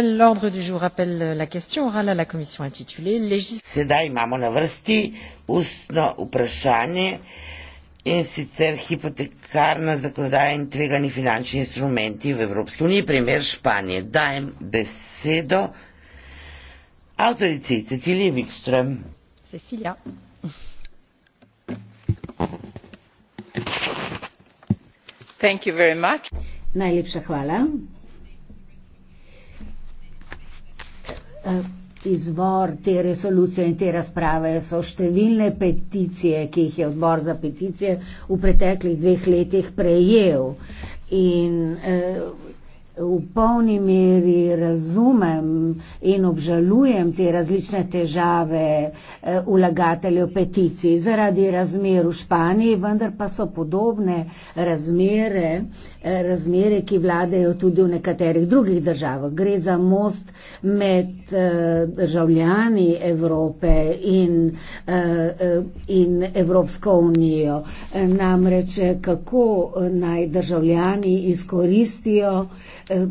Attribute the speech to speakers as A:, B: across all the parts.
A: rappelle l'ordre
B: du jour appelle la question orale à la commission
A: intitulée législation. In sicer hipotekarna zakonodaja in tvegani finančni instrumenti v Evropski uniji, primer Španije. Dajem besedo avtorici Cecilije Wikström. Cecilija.
B: Najlepša hvala. Eh, izvor te resolucije in te razprave so številne peticije, ki jih je odbor za peticije v preteklih dveh letih prejel. In eh, v polni meri razumem in obžalujem te različne težave eh, vlagateljev peticij zaradi razmer v Španiji, vendar pa so podobne razmere, eh, razmere, ki vladajo tudi v nekaterih drugih državah. Gre za most med eh, državljani Evrope in, in Evropsko unijo. Namreč, kako naj državljani izkoristijo Eh,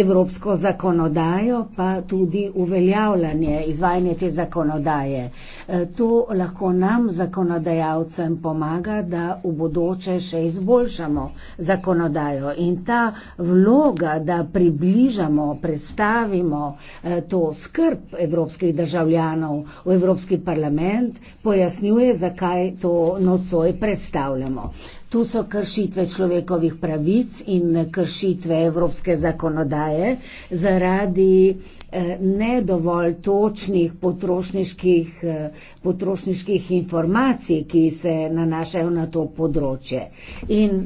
B: evropsko zakonodajo, pa tudi uveljavljanje, izvajanje te zakonodaje. Eh, to lahko nam, zakonodajalcem, pomaga, da v bodoče še izboljšamo zakonodajo. In ta vloga, da približamo, predstavimo eh, to skrb evropskih državljanov v Evropski parlament, pojasnjuje, zakaj to nocoj predstavljamo. Tu so kršitve človekovih pravic in kršitve evropske zakonodaje zaradi eh, ne dovolj točnih potrošniških, eh, potrošniških informacij, ki se nanašajo na to področje. In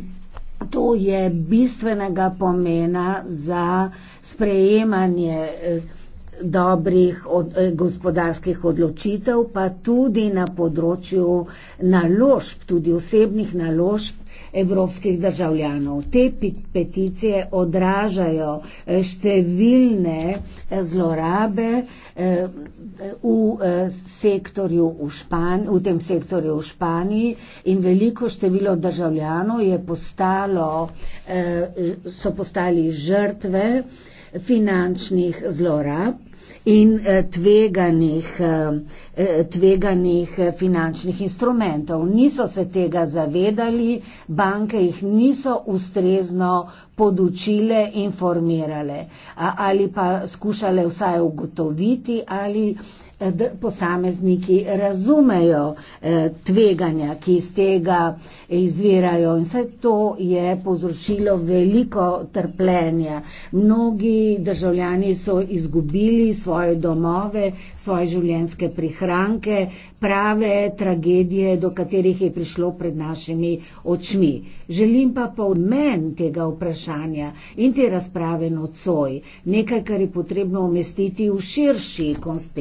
B: to je bistvenega pomena za sprejemanje. Eh, dobrih od, eh, gospodarskih odločitev, pa tudi na področju naložb, tudi osebnih naložb evropskih državljanov. Te peticije odražajo eh, številne eh, zlorabe v, sektorju v, Španj, v tem sektorju v Španiji in veliko število državljanov postalo, so postali žrtve finančnih zlorab in eh, tveganih, eh, eh, tveganih finančnih instrumentov. Niso se tega zavedali, banke jih niso ustrezno podučile, informirale ali pa skušale vsaj ugotoviti ali posamezniki razumejo eh, tveganja, ki iz tega izvirajo in vse to je povzročilo veliko trpljenja. Mnogi državljani so izgubili svoje domove, svoje življenjske prihranke, prave tragedije, do katerih je prišlo pred našimi očmi. Želim pa povmen tega vprašanja in te razprave nocoj, nekaj, kar je potrebno umestiti v širši kontekst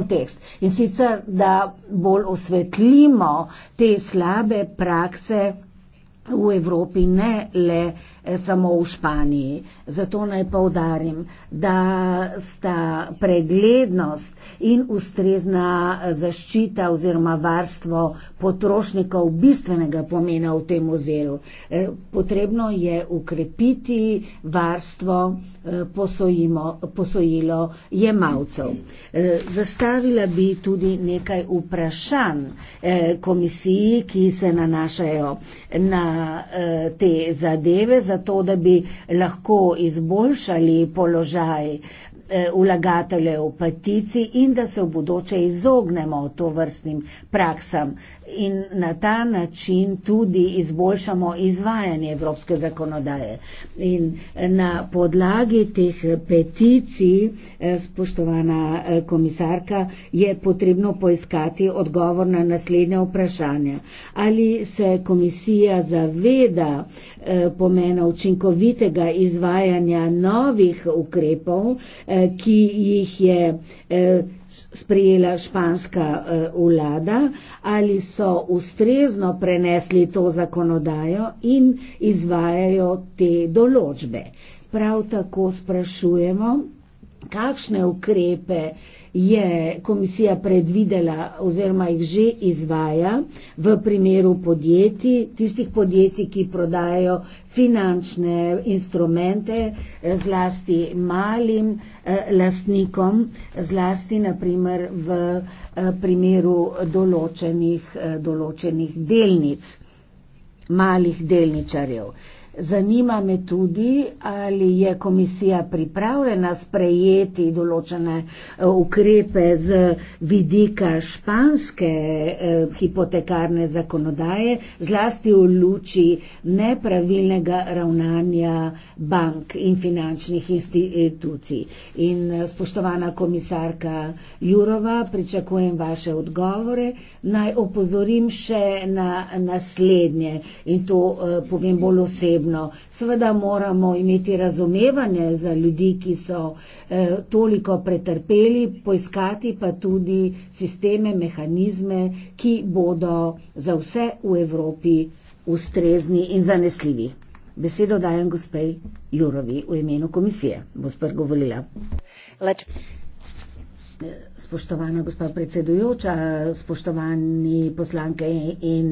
B: kontekst in sicer, da bolj osvetlimo te slabe prakse v Evropi, ne le. Eh, samo v Španiji. Zato naj povdarim, da sta preglednost in ustrezna eh, zaščita oziroma varstvo potrošnikov bistvenega pomena v tem ozelu. Eh, potrebno je ukrepiti varstvo posojimo, posojilo jemalcev. Zastavila bi tudi nekaj vprašanj komisiji, ki se nanašajo na te zadeve za to, da bi lahko izboljšali položaj Eh, vlagatelje v petici in da se v bodoče izognemo to vrstnim praksam in na ta način tudi izboljšamo izvajanje evropske zakonodaje. In na podlagi teh peticij, eh, spoštovana eh, komisarka, je potrebno poiskati odgovor na naslednje vprašanje. Ali se komisija zaveda pomena učinkovitega izvajanja novih ukrepov, Eh, ki jih je eh, sprejela španska eh, vlada, ali so ustrezno prenesli to zakonodajo in izvajajo te določbe. Prav tako sprašujemo, kakšne ukrepe je komisija predvidela oziroma jih že izvaja v primeru podjetij, tistih podjetij, ki prodajajo finančne instrumente eh, zlasti malim eh, lastnikom, zlasti naprimer v eh, primeru določenih, določenih delnic, malih delničarjev. Zanima me tudi, ali je komisija pripravljena sprejeti določene eh, ukrepe z vidika španske eh, hipotekarne zakonodaje, zlasti v luči nepravilnega ravnanja bank in finančnih institucij. In eh, spoštovana komisarka Jurova, pričakujem vaše odgovore. Naj opozorim še na naslednje in to povem bolj osebno potrebno. Seveda moramo imeti razumevanje za ljudi, ki so eh, toliko pretrpeli, poiskati pa tudi sisteme, mehanizme, ki bodo za vse v Evropi ustrezni in zanesljivi. Besedo dajem gospej Jurovi v imenu komisije. Gospod govorila. Lečem. Spoštovana gospa predsedujoča, spoštovani poslanke in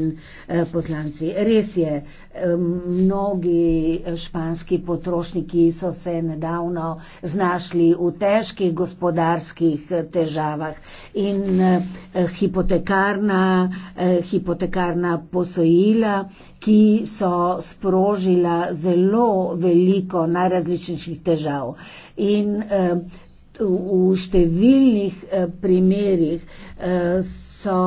B: eh, poslanci. Res je, eh, mnogi španski potrošniki so se nedavno znašli v težkih gospodarskih eh, težavah in hipotekarna, hipotekarna posojila, ki so sprožila zelo veliko najrazličnejših težav. In, v številnih eh, primerjih eh, so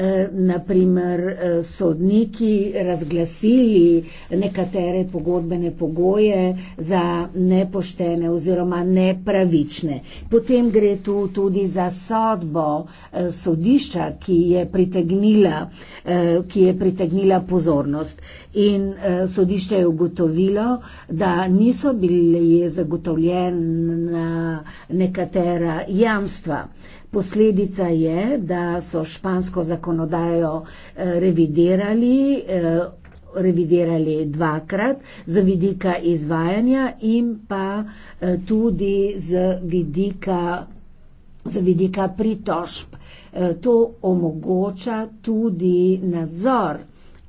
B: Eh, naprimer eh, sodniki razglasili nekatere pogodbene pogoje za nepoštene oziroma nepravične. Potem gre tu tudi za sodbo eh, sodišča, ki je pritegnila, ki je pritegnila pozornost. In sodišče je ugotovilo, da niso bili zagotovljena nekatera jamstva. Posledica je, da so špansko zakonodajo eh, revidirali, eh, revidirali dvakrat z vidika izvajanja in pa eh, tudi z vidika, z vidika pritožb. To omogoča tudi nadzor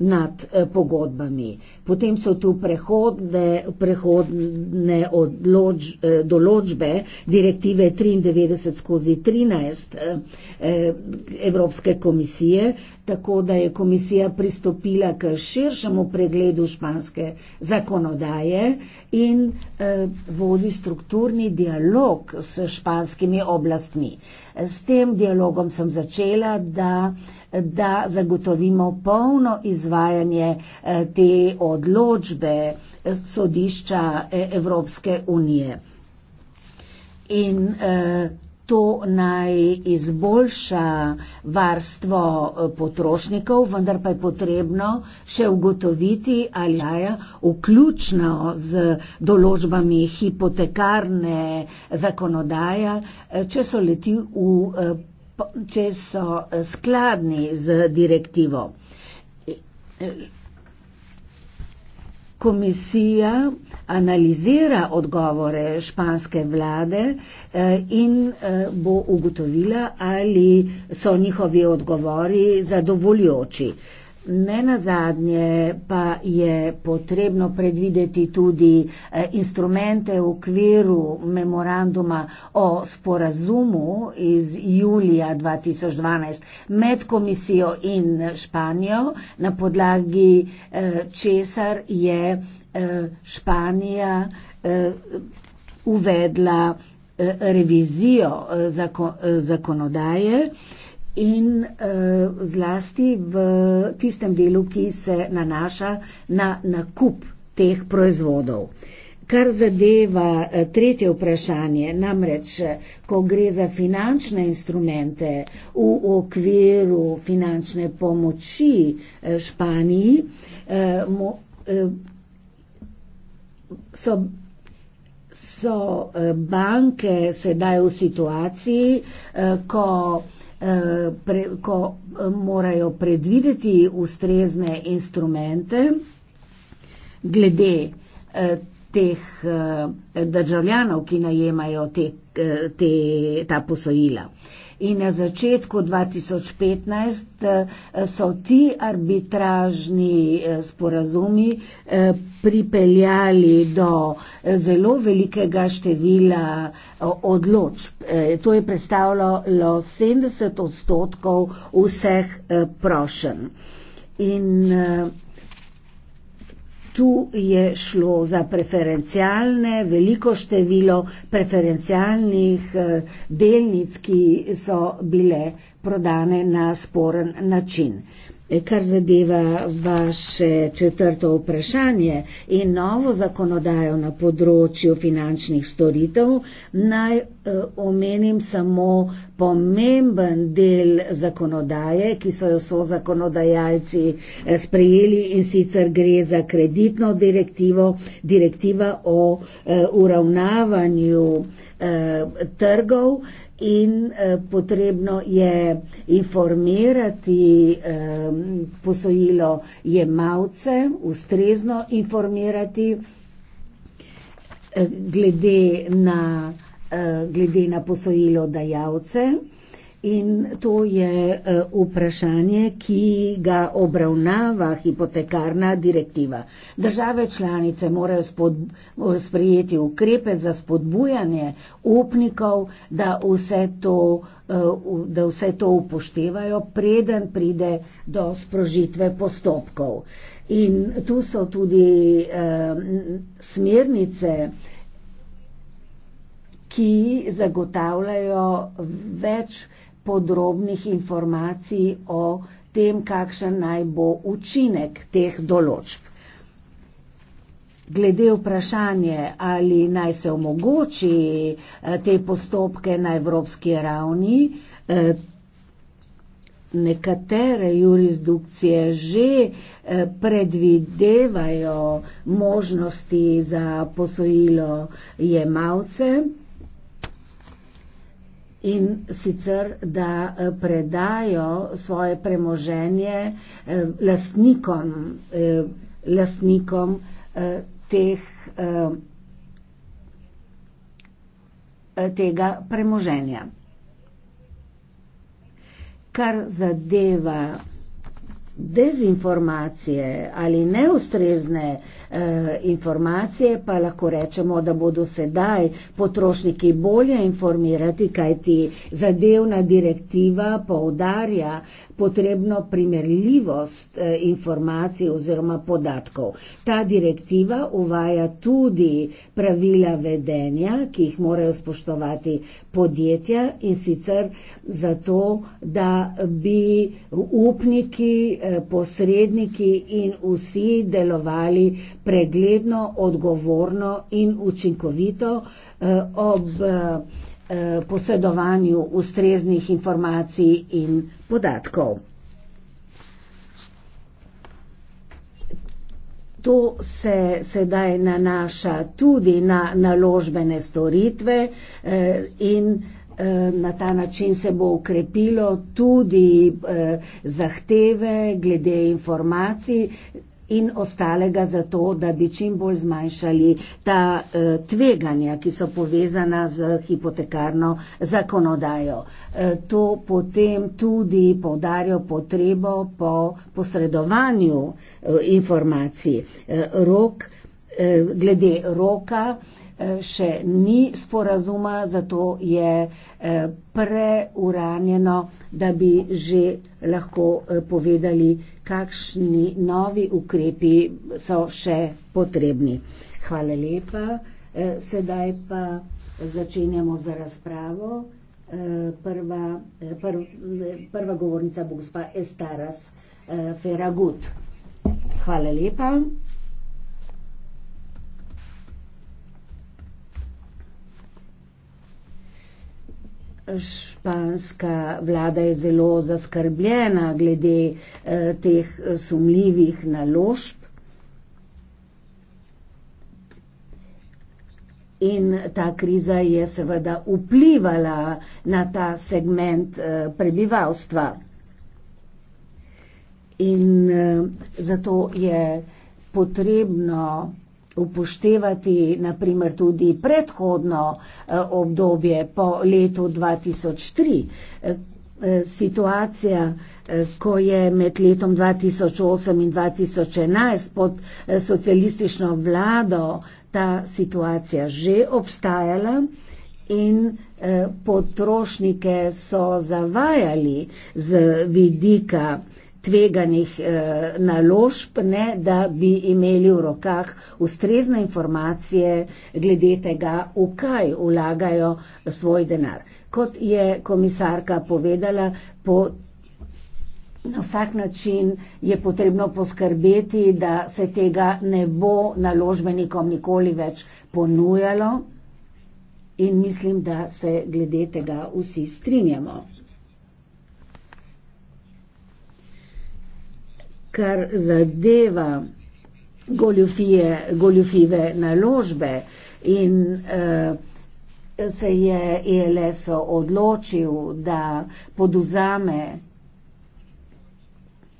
B: nad eh, pogodbami. Potem so tu prehodne, prehodne odloč, eh, določbe direktive 93 skozi 13 eh, Evropske komisije, tako da je komisija pristopila k širšemu pregledu španske zakonodaje in vodi strukturni dialog s španskimi oblastmi. S tem dialogom sem začela, da da zagotovimo polno izvajanje eh, te odločbe eh, sodišča eh, Evropske unije. In to naj izboljša varstvo potrošnikov, vendar pa je potrebno še ugotoviti, ali je vključno z določbami hipotekarne zakonodaje, če so leti v če so eh, skladni z direktivo. Komisija analizira odgovore španske vlade eh, in eh, bo ugotovila, ali so njihovi odgovori zadovoljujoči. Ne na zadnje pa je potrebno predvideti tudi eh, instrumente v okviru memoranduma o sporazumu iz julija 2012 med komisijo in Španijo, na podlagi eh, česar je eh, Španija uvedla revizijo zakonodaje in uh, zlasti v tistem delu, ki se nanaša na nakup teh proizvodov. Kar zadeva eh, tretje vprašanje, namreč, eh, ko gre za finančne instrumente v okviru finančne pomoči Španiji, so, so banke sedaj v situaciji, ko pre, ko eh, morajo predvideti ustrezne instrumente glede eh, teh eh, državljanov, ki najemajo te, te, ta posojila in na začetku 2015 eh, so ti arbitražni eh, sporazumi eh, pripeljali do zelo velikega števila odločb. To je predstavljalo 70 odstotkov vseh prošenj tu je šlo za preferencialne, veliko število preferencialnih eh, delnic, ki so bile prodane na sporen način. E, kar zadeva vaše četrto vprašanje in novo zakonodajo na področju finančnih storitev, naj eh, omenim samo pomemben del zakonodaje, ki so jo so zakonodajalci eh, sprejeli in sicer gre za kreditno direktivo, direktiva o eh, uravnavanju eh, trgov in potrebno je informirati posojilo jemalce, ustrezno informirati glede na Eh, glede na posojilo dajalce. In to je eh, vprašanje, ki ga obravnava hipotekarna direktiva. Države članice morajo sprejeti ukrepe za spodbujanje upnikov, da vse, to, eh, da vse to upoštevajo, preden pride do sprožitve postopkov. In tu so tudi smernice ki zagotavljajo več podrobnih informacij o tem, kakšen naj bo učinek teh določb. Glede vprašanje, ali naj se omogoči eh, te postopke na evropski ravni, eh, nekatere jurisdikcije že eh, predvidevajo možnosti za posojilo jemalcev in sicer, da eh, predajo svoje premoženje eh, lastnikom, eh, lastnikom teh, tega premoženja. Kar zadeva dezinformacije ali neustrezne e, informacije pa lahko rečemo, da bodo sedaj potrošniki bolje informirati, kajti zadevna direktiva poudarja potrebno primerljivost e, informacij oziroma podatkov. Ta direktiva uvaja tudi pravila vedenja, ki jih morajo spoštovati podjetja in sicer zato, da bi upniki e, Eh, posredniki in vsi delovali pregledno, odgovorno in učinkovito eh, ob eh, posedovanju ustreznih informacij in podatkov. To se sedaj nanaša tudi na naložbene storitve in eh, Eh, na ta način se bo ukrepilo tudi eh, zahteve glede informacij in ostalega za to, da bi čim bolj zmanjšali ta eh, tveganja, ki so povezana z hipotekarno zakonodajo. To potem tudi povdarjo potrebo po posredovanju informacij. Rok, glede roka, Eh, še ni sporazuma, zato je eh, preuranjeno, da bi že lahko eh, povedali, kakšni novi ukrepi so še potrebni. Hvala lepa. Sedaj pa začenjamo za razpravo. Prva, prv, prva govornica bo gospa Estaras Feragut. Hvala lepa. Španska vlada je zelo zaskrbljena glede eh, teh eh, sumljivih naložb. In ta kriza je seveda vplivala na ta segment eh, prebivalstva. In eh, zato je potrebno upoštevati naprimer tudi predhodno eh, obdobje po letu 2003. Eh, eh, situacija, ko je med letom 2008 in 2011 pod socialistično vlado ta situacija že obstajala in potrošnike so zavajali z vidika tveganih eh, naložb, ne, da bi imeli v rokah ustrezne informacije glede tega, v kaj ulagajo svoj denar. Kot je komisarka povedala, po Na vsak način je potrebno poskrbeti, da se tega ne bo naložbenikom nikoli več ponujalo in mislim, da se glede tega vsi strinjamo. kar zadeva goljufije, goljufive naložbe in uh, se je ELS odločil, da poduzame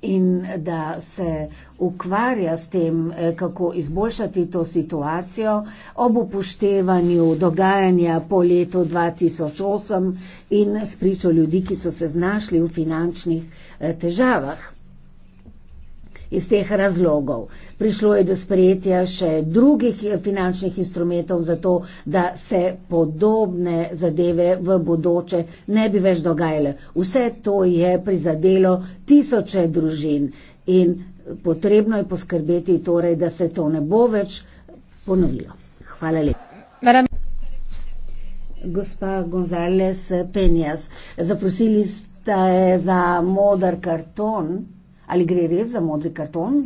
B: in da se ukvarja s tem, eh, kako izboljšati to situacijo ob upoštevanju dogajanja po letu 2008 in spričo ljudi, ki so se znašli v finančnih eh, težavah iz teh razlogov. Prišlo je do sprejetja še drugih finančnih instrumentov za to, da se podobne zadeve v bodoče ne bi več dogajale. Vse to je prizadelo tisoče družin in potrebno je poskrbeti torej, da se to ne bo več ponovilo. Hvala lepa. Gospa Gonzales Penjas, zaprosili ste za modar karton ali gre res za modri karton.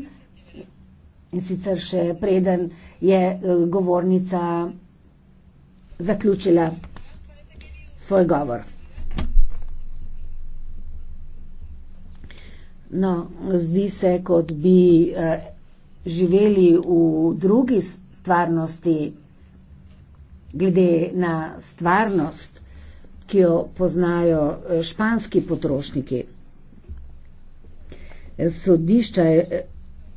B: In sicer še preden je eh, govornica zaključila svoj govor. No, zdi se, kot bi eh, živeli v drugi stvarnosti, glede na stvarnost, ki jo poznajo eh, španski potrošniki sodišča eh,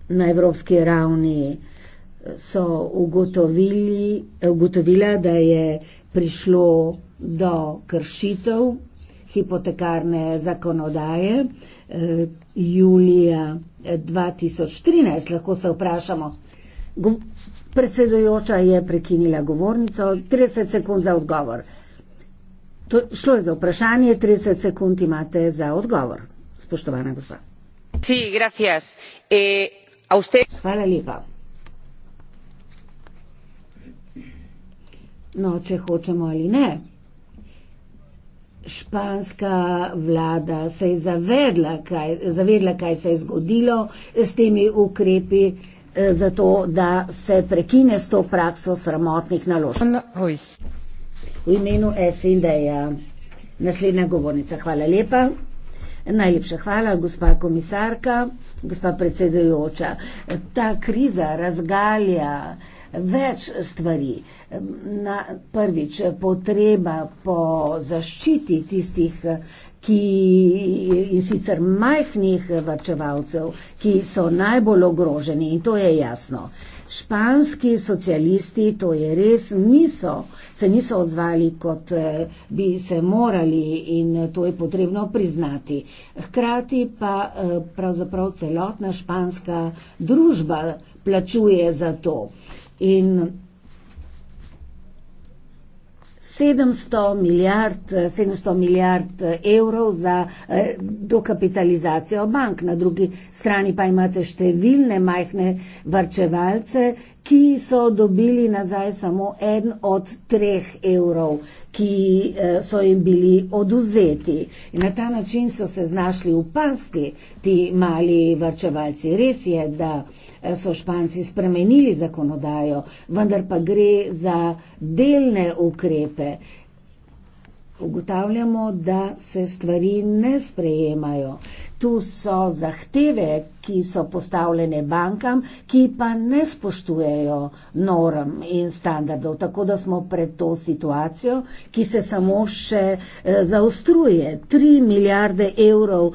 B: na evropski ravni eh, so ugotovili, ugotovila, da je prišlo do kršitev hipotekarne zakonodaje eh, julija 2013. Eh, Lahko se vprašamo. Gov predsedujoča je prekinila govornico. 30 sekund za odgovor. To šlo je za vprašanje, 30 sekund imate za odgovor, spoštovana gospod señora presidenta eh, no, če hočemo ali ne španska vlada se je zavedla kaj se je zgodilo s temi ukrepi eh, zato da se prekine s to prakso sramotnih naložb. No, v imenu sd ja naslednja govornica hvala lepa. Najlepša hvala, gospa komisarka, gospa predsedujoča. Ta kriza razgalja več stvari. Na prvič, potreba po zaščiti tistih, ki in sicer majhnih vrčevalcev, ki so najbolj ogroženi in to je jasno španski socialisti, to je res, niso, se niso odzvali, kot eh, bi se morali in eh, to je potrebno priznati. Hkrati pa eh, pravzaprav celotna španska družba plačuje za to. In 700 milijard, 700 eh, milijard eh, evrov za eh, dokapitalizacijo bank. Na drugi strani pa imate številne majhne varčevalce, ki so dobili nazaj samo en od treh evrov, ki so jim bili oduzeti. In na ta način so se znašli v pasti ti mali varčevalci. Res je, da Eh, so Španci spremenili zakonodajo, vendar pa gre za delne ukrepe. Ugotavljamo, da se stvari ne sprejemajo. Tu so zahteve, ki so postavljene bankam, ki pa ne spoštujejo norm in standardov. Tako da smo pred to situacijo, ki se samo še eh, zaostruje. 3 milijarde evrov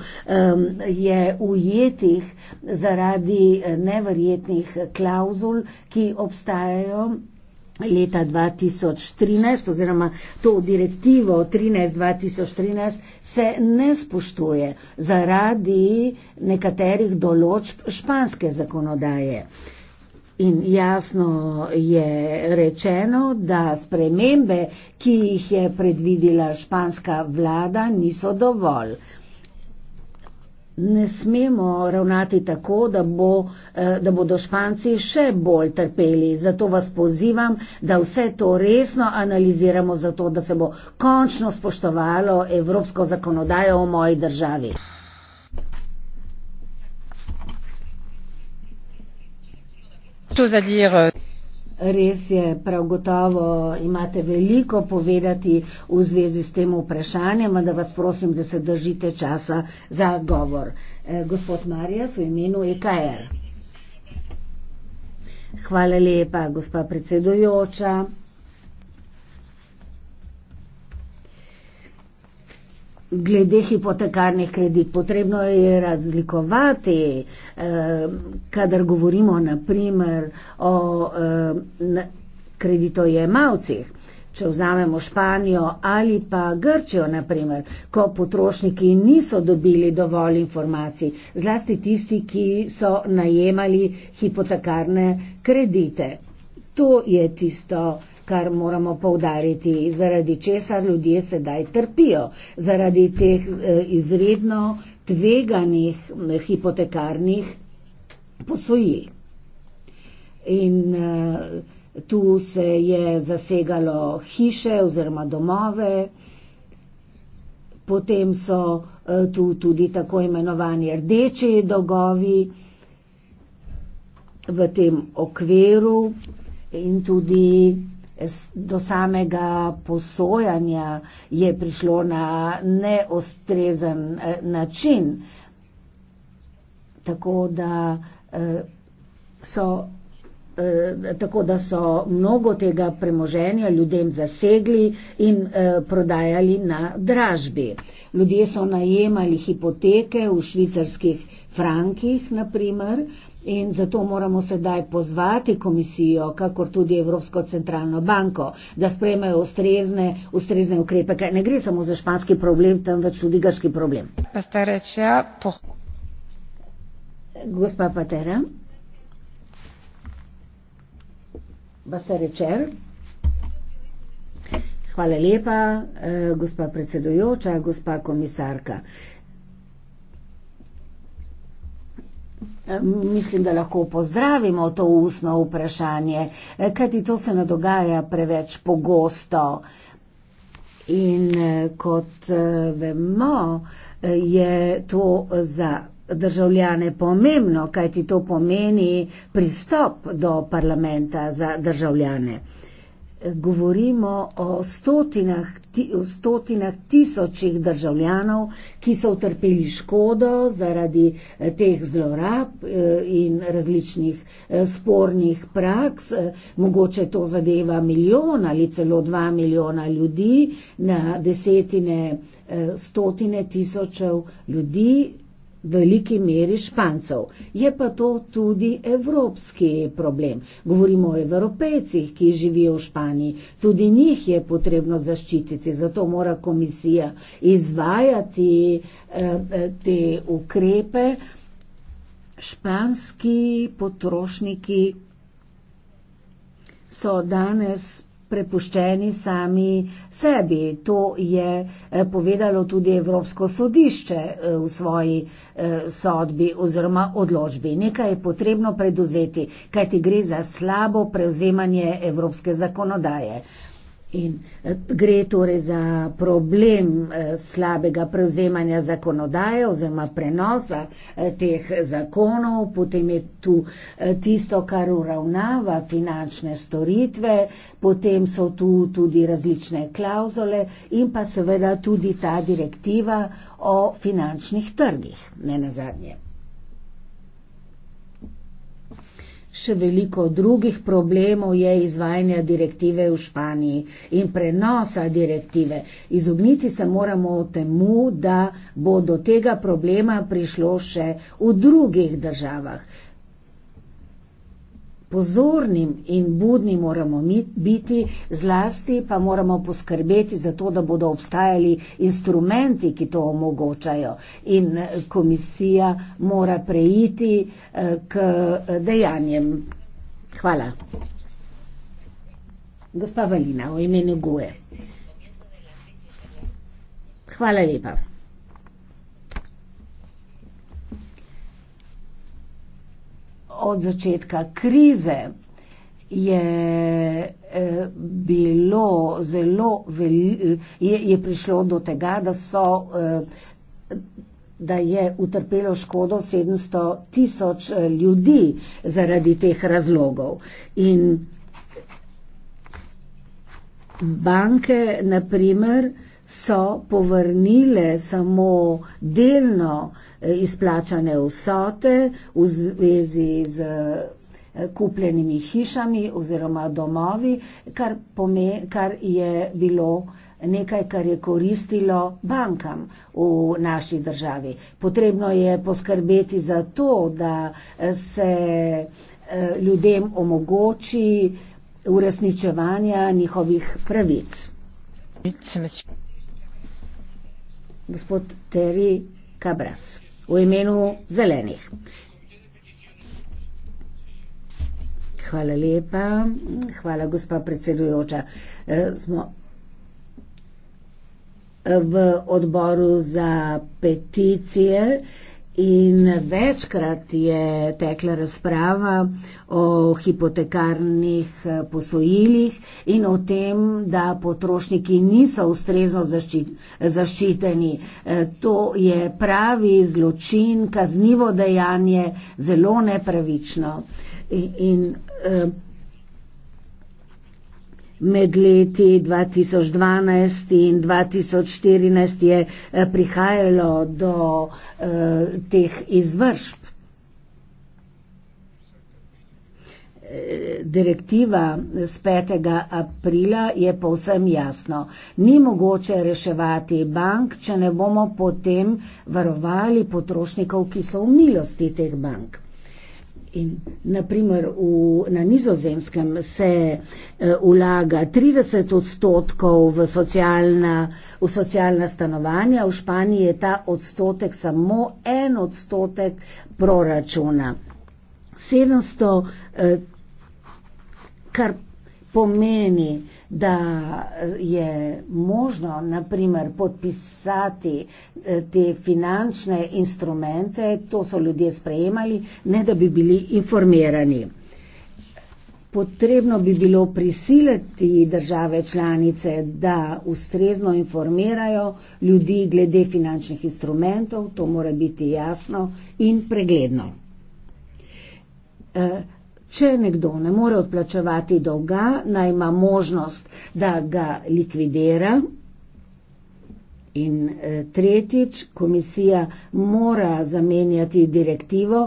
B: je ujetih zaradi eh, neverjetnih klauzul, ki obstajajo leta 2013 oziroma to direktivo 13-2013 se ne spoštuje zaradi nekaterih določb španske zakonodaje. In jasno je rečeno, da spremembe, ki jih je predvidila španska vlada, niso dovolj ne smemo ravnati tako, da, bo, eh, da bodo španci še bolj trpeli. Zato vas pozivam, da vse to resno analiziramo, zato da se bo končno spoštovalo evropsko zakonodajo v moji državi. Tout à dire, euh, Res je, prav gotovo imate veliko povedati v zvezi s tem vprašanjem, da vas prosim, da se držite časa za govor. Eh, gospod Marjas v imenu EKR. Hvala lepa, gospa predsedujoča. glede hipotekarnih kredit. Potrebno je razlikovati, eh, kadar govorimo naprimer o eh, kreditojemalcih.
C: Če vzamemo
B: Španijo ali pa Grčijo, naprimer, ko potrošniki niso dobili dovolj informacij, zlasti tisti, ki so najemali hipotekarne kredite. To je tisto, kar kar moramo povdariti, zaradi česar ljudje sedaj trpijo, zaradi teh eh, izredno tveganih eh, hipotekarnih posojil. In eh, tu se je zasegalo hiše oziroma domove, potem so tu tudi tako imenovani rdeči dolgovi v tem okviru in tudi do samega posojanja je prišlo na neostrezen eh, način. Tako da eh, so Eh, tako da so mnogo tega premoženja ljudem zasegli in eh, prodajali na dražbi. Ljudje so najemali hipoteke v švicarskih frankih, naprimer, in zato moramo sedaj pozvati komisijo, kakor tudi Evropsko centralno banko, da sprejmejo ustrezne, ustrezne ukrepe, kaj ne gre samo za španski problem, temveč tudi grški problem. Ja, Gospa Patera. Basta rečer. Hvala lepa, eh, gospa predsedujoča, gospa komisarka. Eh, mislim, da lahko pozdravimo to ustno vprašanje, eh, kajti to se ne dogaja preveč pogosto. In eh, kot vemo, je to za državljane pomembno, kaj ti to pomeni pristop do parlamenta za državljane. Govorimo o stotinah, ti, o stotinah tisočih državljanov, ki so utrpeli škodo zaradi eh, teh zlorab eh, in različnih eh, spornih praks. Mogoče to zadeva milijon ali celo dva milijona ljudi na desetine, stotine tisočev ljudi, veliki meri špancev. Je pa to tudi evropski problem. Govorimo o evropejcih, ki živijo v Španiji. Tudi njih je potrebno zaščititi, zato mora komisija izvajati eh, eh te ukrepe. Španski potrošniki so danes prepuščeni sami sebi. To je eh, povedalo tudi Evropsko sodišče eh, v svoji eh, sodbi oziroma odločbi. Nekaj je potrebno preduzeti, kajti gre za slabo prevzemanje evropske zakonodaje. In eh, gre torej za problem eh, slabega prevzemanja zakonodaje oziroma prenosa eh, teh zakonov, potem je tu tisto, kar uravnava finančne storitve, potem so tu tudi različne klauzole in pa seveda tudi ta direktiva o finančnih trgih, ne na zadnje. še veliko drugih problemov je izvajanja direktive v Španiji in prenosa direktive. Izogniti se moramo temu, da bo do tega problema prišlo še v drugih državah. Pozornim in budni moramo biti, zlasti pa moramo poskrbeti za to, da bodo obstajali instrumenti, ki to omogočajo. In eh, komisija mora preiti eh, k eh, dejanjem. Hvala. Gospa Valina, v imenu Gue. Hvala lepa. od začetka krize je eh, bilo zelo veli, je, je prišlo do tega, da so eh, da je utrpelo škodo 700 tisoč eh, ljudi zaradi teh razlogov. In banke, naprimer, so povrnile samo delno eh, izplačane vsote v zvezi z eh, kupljenimi hišami oziroma domovi, kar, pome, kar je bilo nekaj, kar je koristilo bankam v naši državi. Potrebno je poskrbeti za to, da eh, se ljudem omogoči uresničevanja njihovih pravic. 미치미치 gospod Terry Cabras v imenu zelenih. Hvala lepa. Hvala, gospa predsedujoča. E, smo v odboru za peticije. E, In večkrat je tekla razprava o hipotekarnih eh, posojilih in o tem, da potrošniki niso ustrezno zaščiteni. Eh, to je pravi zločin, kaznivo dejanje, zelo nepravično. In, in, eh, Med leti 2012 in 2014 je eh, prihajalo do eh, teh izvršb. Eh, direktiva z eh, 5. aprila je povsem jasno. Ni mogoče reševati bank, če ne bomo potem varovali potrošnikov, ki so v milosti teh bank. In naprimer v, na nizozemskem se eh, vlaga 30 odstotkov v socialna, v socialna stanovanja, v Španiji je ta odstotek samo en odstotek proračuna. 700, eh, kar pomeni, da eh, je možno naprimer podpisati eh, te finančne instrumente, to so ljudje sprejemali, ne da bi bili informirani. Potrebno bi bilo prisiliti države članice, da ustrezno informirajo ljudi glede finančnih instrumentov, to mora biti jasno in pregledno. Uh, Če nekdo ne more odplačevati dolga, naj ima možnost, da ga likvidira. In e, tretjič, komisija mora zamenjati direktivo,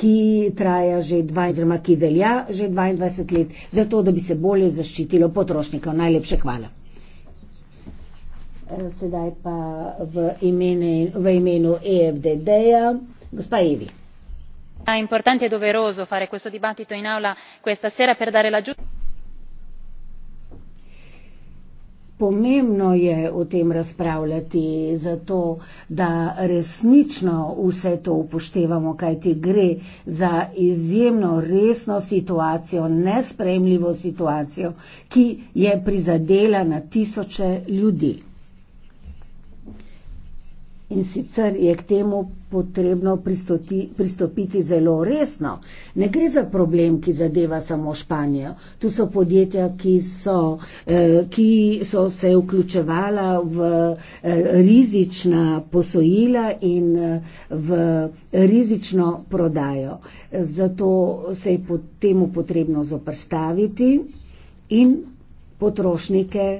B: ki traja že 22, ki velja že 22 let, zato da bi se bolje zaščitilo potrošnika. Najlepše hvala. E, sedaj pa v, imene, v imenu EFDD-ja, gospa Evi sia importante e doveroso fare questo dibattito in aula questa sera per dare la giusta. pomembno je o tem razpravljati zato da resnično vse to upoštevamo kajti gre za izjemno resno situacijo nesprejemljivo situacijo ki je prizadela na tisoče ljudi. In sicer je k temu potrebno pristoti, pristopiti zelo resno. Ne gre za problem, ki zadeva samo Španijo. Tu so podjetja, ki so, eh, ki so se vključevala v eh, rizična posojila in eh, v rizično prodajo. Zato se je pod temu potrebno zoprstaviti in potrošnike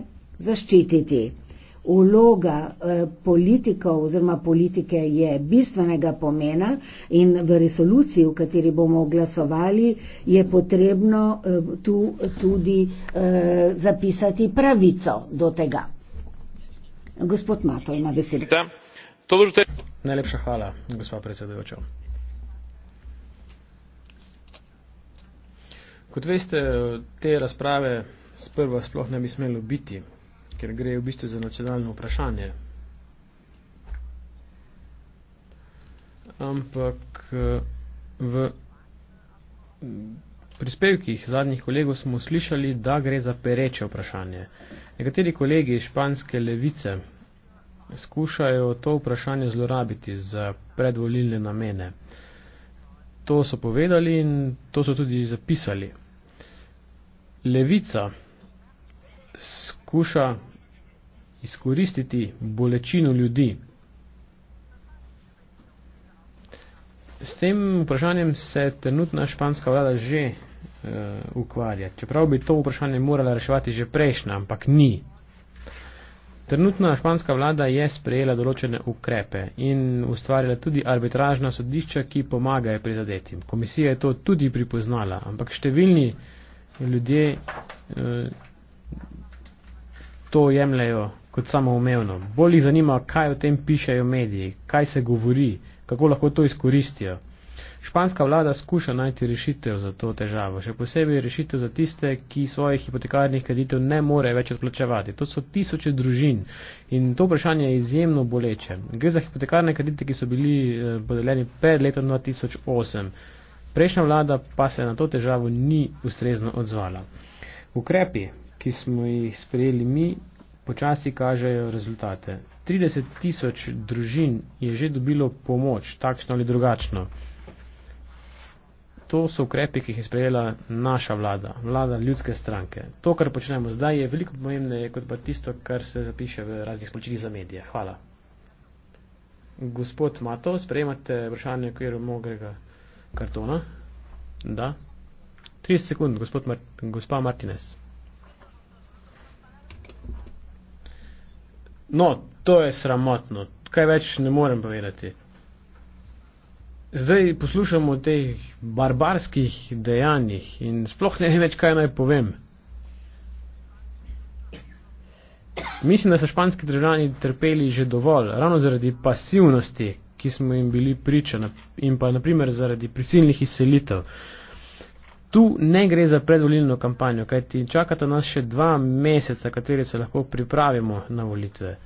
B: zaščititi vloga eh, politikov oziroma politike je bistvenega pomena in v resoluciji, v kateri bomo glasovali, je potrebno eh, tu tudi eh, zapisati pravico do tega.
C: Gospod Mato ima besedo. Najlepša hvala, gospa predsedujoča. Kot veste, te razprave sprva sploh ne bi smelo biti ker gre v bistvu za nacionalno vprašanje. Ampak eh, v prispevkih zadnjih kolegov smo slišali, da gre za pereče vprašanje. Nekateri kolegi iz španske levice skušajo to vprašanje zlorabiti za predvolilne namene. To so povedali in to so tudi zapisali. Levica skuša izkoristiti bolečino ljudi. S tem vprašanjem se trenutna španska vlada že uh, ukvarja. Čeprav bi to vprašanje morala reševati že prejšnja, ampak ni. Trenutna španska vlada je sprejela določene ukrepe in ustvarila tudi arbitražna sodišča, ki pomagajo prizadetim. Komisija je to tudi pripoznala, ampak številni ljudje uh, to jemljajo kot samoumevno. Bolj jih zanima, kaj o tem pišejo mediji, kaj se govori, kako lahko to izkoristijo. Španska vlada skuša najti rešitev za to težavo, še posebej rešitev za tiste, ki svojih hipotekarnih kreditev ne more več odplačevati. To so tisoče družin in to vprašanje je izjemno boleče. Gre za hipotekarne kredite, ki so bili eh, podeljeni pred letom 2008. Prejšnja vlada pa se na to težavo ni ustrezno odzvala. Ukrepi, ki smo jih sprejeli mi, počasi kažejo rezultate. 30 tisoč družin je že dobilo pomoč, takšno ali drugačno. To so ukrepi, ki jih je sprejela naša vlada, vlada ljudske stranke. To, kar počnemo zdaj, je veliko pomembneje kot pa tisto, kar se zapiše v raznih sporočilih za medije. Hvala. Gospod Mato, sprejemate vprašanje v okviru mogrega kartona? Da. 30 sekund, gospod Mar gospa Martinez. No, to je sramotno, kaj več ne morem povedati. Zdaj poslušamo o teh barbarskih dejanjih in sploh ne vem več, kaj naj povem. Mislim, da so španski državljani trpeli že dovolj, ravno zaradi pasivnosti, ki smo jim bili priča in pa naprimer zaradi prisilnih izselitev tu ne gre za predvolilno kampanjo, kajti čakata nas še dva meseca, kateri se lahko pripravimo na volitve.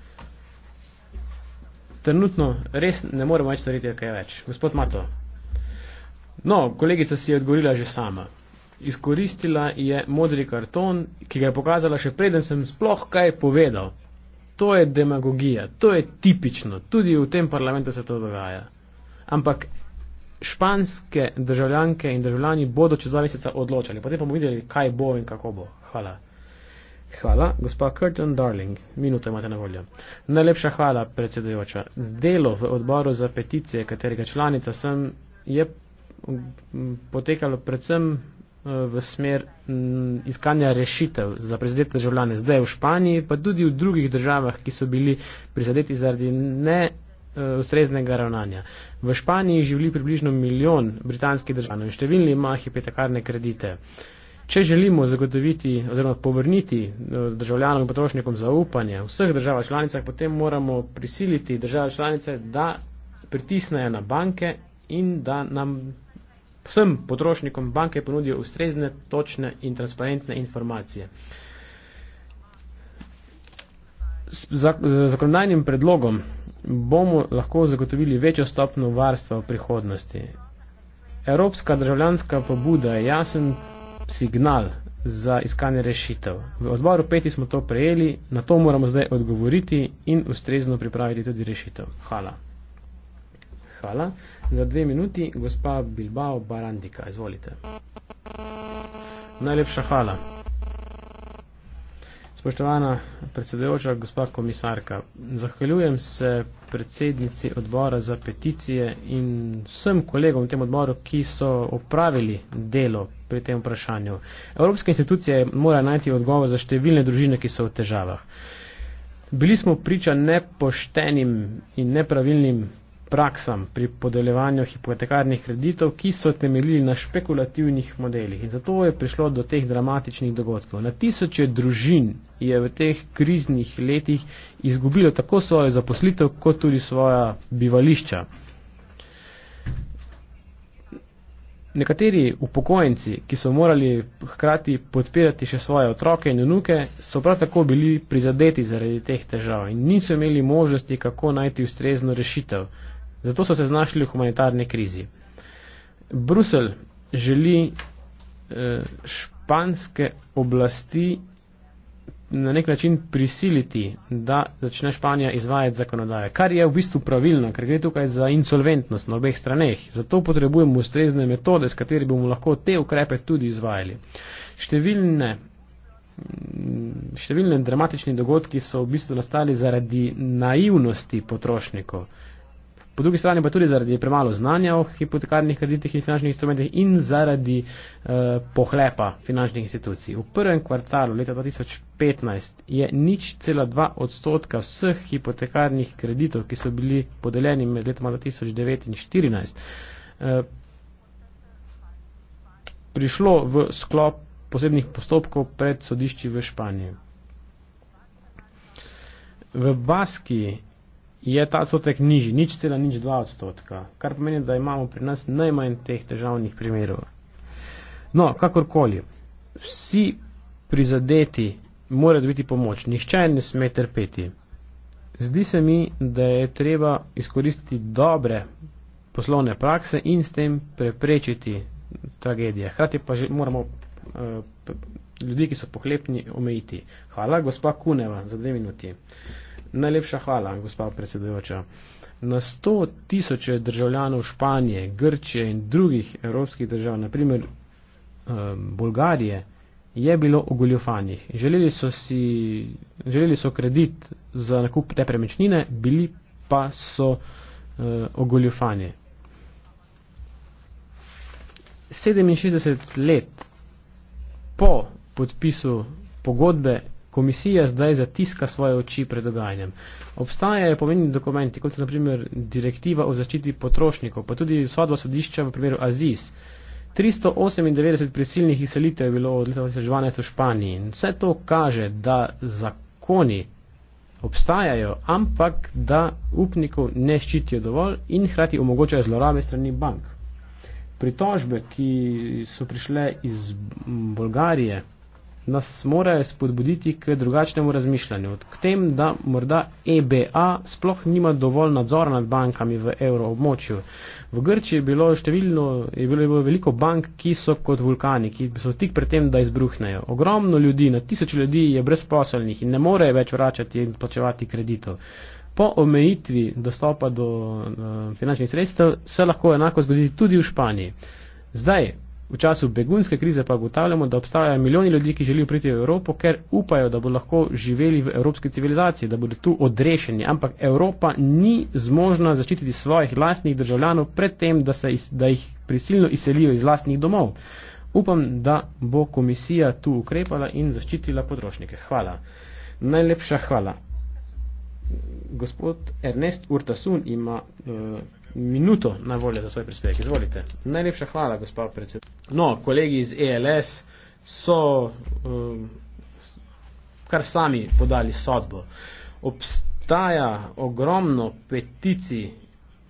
C: Trenutno res ne moremo več storiti, kaj več. Gospod Mato. No, kolegica si je odgovorila že sama. Izkoristila je modri karton, ki ga je pokazala še preden sem sploh kaj povedal. To je demagogija, to je tipično, tudi v tem parlamentu se to dogaja. Ampak španske državljanke in državljani bodo čez dva meseca odločali. Potem pa bomo videli, kaj bo in kako bo. Hvala. Hvala, gospa Curtin Darling. Minuto imate na voljo. Najlepša hvala, predsedujoča. Delo v odboru za peticije, katerega članica sem, je potekalo predvsem eh, v smer iskanja rešitev za prizadete državljane zdaj v Španiji, pa tudi v drugih državah, ki so bili prizadeti zaradi ne Eh, ustreznega ravnanja. V Španiji živi približno milijon britanskih državljanov in številni imajo hipotekarne kredite. Če želimo zagotoviti oziroma povrniti eh, državljanom in potrošnikom zaupanje v vseh državah članicah, potem moramo prisiliti države članice, da pritisnejo na banke in da nam vsem potrošnikom banke ponudijo ustrezne, točne in transparentne informacije. Z zakonodajnim predlogom bomo lahko zagotovili večjo stopno varstva v prihodnosti. Evropska državljanska pobuda je jasen signal za iskanje rešitev. V odboru peti smo to prejeli, na to moramo zdaj odgovoriti in ustrezno pripraviti tudi rešitev. Hvala. Hvala. Za dve minuti, gospa Bilbao Barandika, izvolite. Najlepša hvala. Spoštovana predsedujoča, gospa komisarka, zahvaljujem se predsednici odbora za peticije in vsem kolegom v tem odboru, ki so opravili delo pri tem vprašanju. Evropska institucija mora najti odgovor za številne družine, ki so v težavah. Bili smo priča nepoštenim in nepravilnim praksam pri podeljevanju hipotekarnih kreditov, ki so temeljili na špekulativnih modelih. In zato je prišlo do teh dramatičnih dogodkov. Na tisoče družin je v teh kriznih letih izgubilo tako svojo zaposlitev, kot tudi svoja bivališča. Nekateri upokojenci, ki so morali hkrati podpirati še svoje otroke in vnuke, so prav tako bili prizadeti zaradi teh težav in niso imeli možnosti, kako najti ustrezno rešitev. Zato so se znašli v humanitarni krizi. Brusel želi eh, španske oblasti na nek način prisiliti, da začne Španija izvajati zakonodaje, kar je v bistvu pravilno, ker gre tukaj za insolventnost na obeh straneh. Zato potrebujemo ustrezne metode, s kateri bomo lahko te ukrepe tudi izvajali. Številne, mm, številne dramatični dogodki so v bistvu nastali zaradi naivnosti potrošnikov. Po drugi strani pa tudi zaradi premalo znanja o hipotekarnih kreditih in finančnih instrumentih in zaradi eh, pohlepa finančnih institucij. V prvem kvartalu leta 2015 je nič cela dva odstotka vseh hipotekarnih kreditov, ki so bili podeljeni med letoma 2009 in 2014, eh, prišlo v sklop posebnih postopkov pred sodišči v Španiji. V Baski je ta odstotek nižji, nič cela nič dva odstotka, kar pomeni, da imamo pri nas najmanj teh težavnih primerov. No, kakorkoli, vsi prizadeti morajo dobiti pomoč, nihče ne sme trpeti. Zdi se mi, da je treba izkoristiti dobre poslovne prakse in s tem preprečiti tragedije. Hrati pa že moramo uh, ljudi, ki so pohlepni, omejiti. Hvala, gospa Kuneva, za dve minuti. Najlepša hvala, gospa predsedujoča. Na sto tisoče državljanov Španije, Grčije in drugih evropskih držav, naprimer um, eh, Bolgarije, je bilo ogoljofanjih. Želeli so, si, želeli so kredit za nakup te premečnine, bili pa so uh, ogoljofanje. 67 let po podpisu pogodbe komisija zdaj zatiska svoje oči pred dogajanjem. Obstajajo pomembni dokumenti, kot so naprimer direktiva o zaščiti potrošnikov, pa tudi sodba sodišča v primeru Aziz. 398 prisilnih izselitev je bilo od leta 2012 v Španiji in vse to kaže, da zakoni obstajajo, ampak da upnikov ne ščitijo dovolj in hkrati omogočajo zlorabe strani bank. Pritožbe, ki so prišle iz Bolgarije, nas morajo spodbuditi k drugačnemu razmišljanju, k tem, da morda EBA sploh nima dovolj nadzora nad bankami v evroobmočju. V Grči je bilo številno, je bilo, je bilo veliko bank, ki so kot vulkani, ki so tik pred tem, da izbruhnejo. Ogromno ljudi, na tisoč ljudi je brezposelnih in ne more več vračati in plačevati kreditov. Po omejitvi dostopa do uh, finančnih sredstev se lahko enako zgodi tudi v Španiji. Zdaj, V času begunske krize pa ugotavljamo, da obstajajo milijoni ljudi, ki želijo priti v Evropo, ker upajo, da bo lahko živeli v evropski civilizaciji, da bodo tu odrešeni. Ampak Evropa ni zmožna zaščititi svojih lastnih državljanov pred tem, da, se, da jih prisilno izselijo iz lastnih domov. Upam, da bo komisija tu ukrepala in zaščitila potrošnike. Hvala. Najlepša hvala. Gospod Ernest Urtasun ima. Uh, minuto na voljo za svoj prispevek. Izvolite. Najlepša hvala, gospod predsednik. No, kolegi iz ELS so um, kar sami podali sodbo. Obstaja ogromno peticij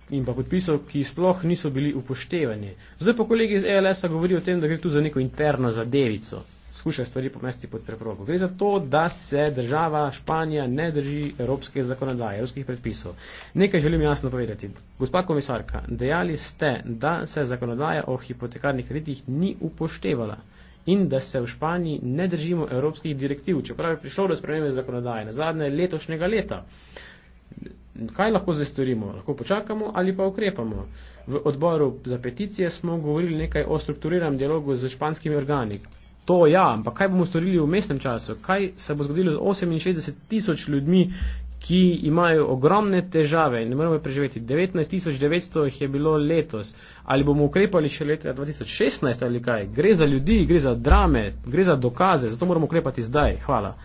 C: in pa podpisov, ki sploh niso bili upoštevani. Zdaj pa kolegi iz ELS-a govorijo o tem, da gre tu za neko interno zadevico skušajo stvari pomesti pod preprogo. Gre za to, da se država Španija ne drži evropske zakonodaje, evropskih predpisov. Nekaj želim jasno povedati. Gospa komisarka, dejali ste, da se zakonodaja o hipotekarnih kreditih ni upoštevala in da se v Španiji ne držimo evropskih direktiv, čeprav je prišlo do spremembe zakonodaje na zadnje letošnjega leta. Kaj lahko zdaj storimo? Lahko počakamo ali pa ukrepamo. V odboru za peticije smo govorili nekaj o strukturiranem dialogu z španskimi organi. To ja, ampak kaj bomo storili v mestnem času? Kaj se bo zgodilo z 68 tisoč ljudmi, ki imajo ogromne težave in ne moremo preživeti? 19 tisoč 900 jih je bilo letos. Ali bomo ukrepali še leta 2016 ali kaj? Gre za ljudi, gre za drame, gre za dokaze, zato moramo ukrepati zdaj. Hvala.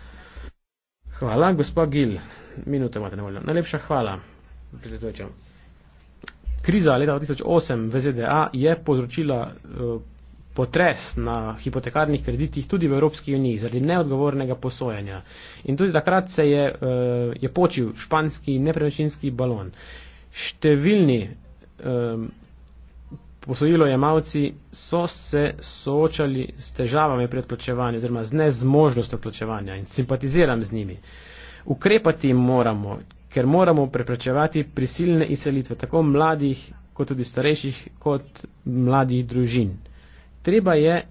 C: Hvala, gospa Gil. Minute imate na voljo. Najlepša hvala. Kriza leta 2008 v ZDA je povzročila. Uh, potres na hipotekarnih kreditih tudi v Evropski uniji zaradi neodgovornega posojanja. In tudi takrat se je, eh, je počil španski nepremičninski balon. Številni um, posojilojemalci so se soočali s težavami pri odplačevanju oziroma z nezmožnostjo odplačevanja in simpatiziram z njimi. Ukrepati moramo, ker moramo preprečevati prisilne izselitve tako mladih kot tudi starejših kot mladih družin treba je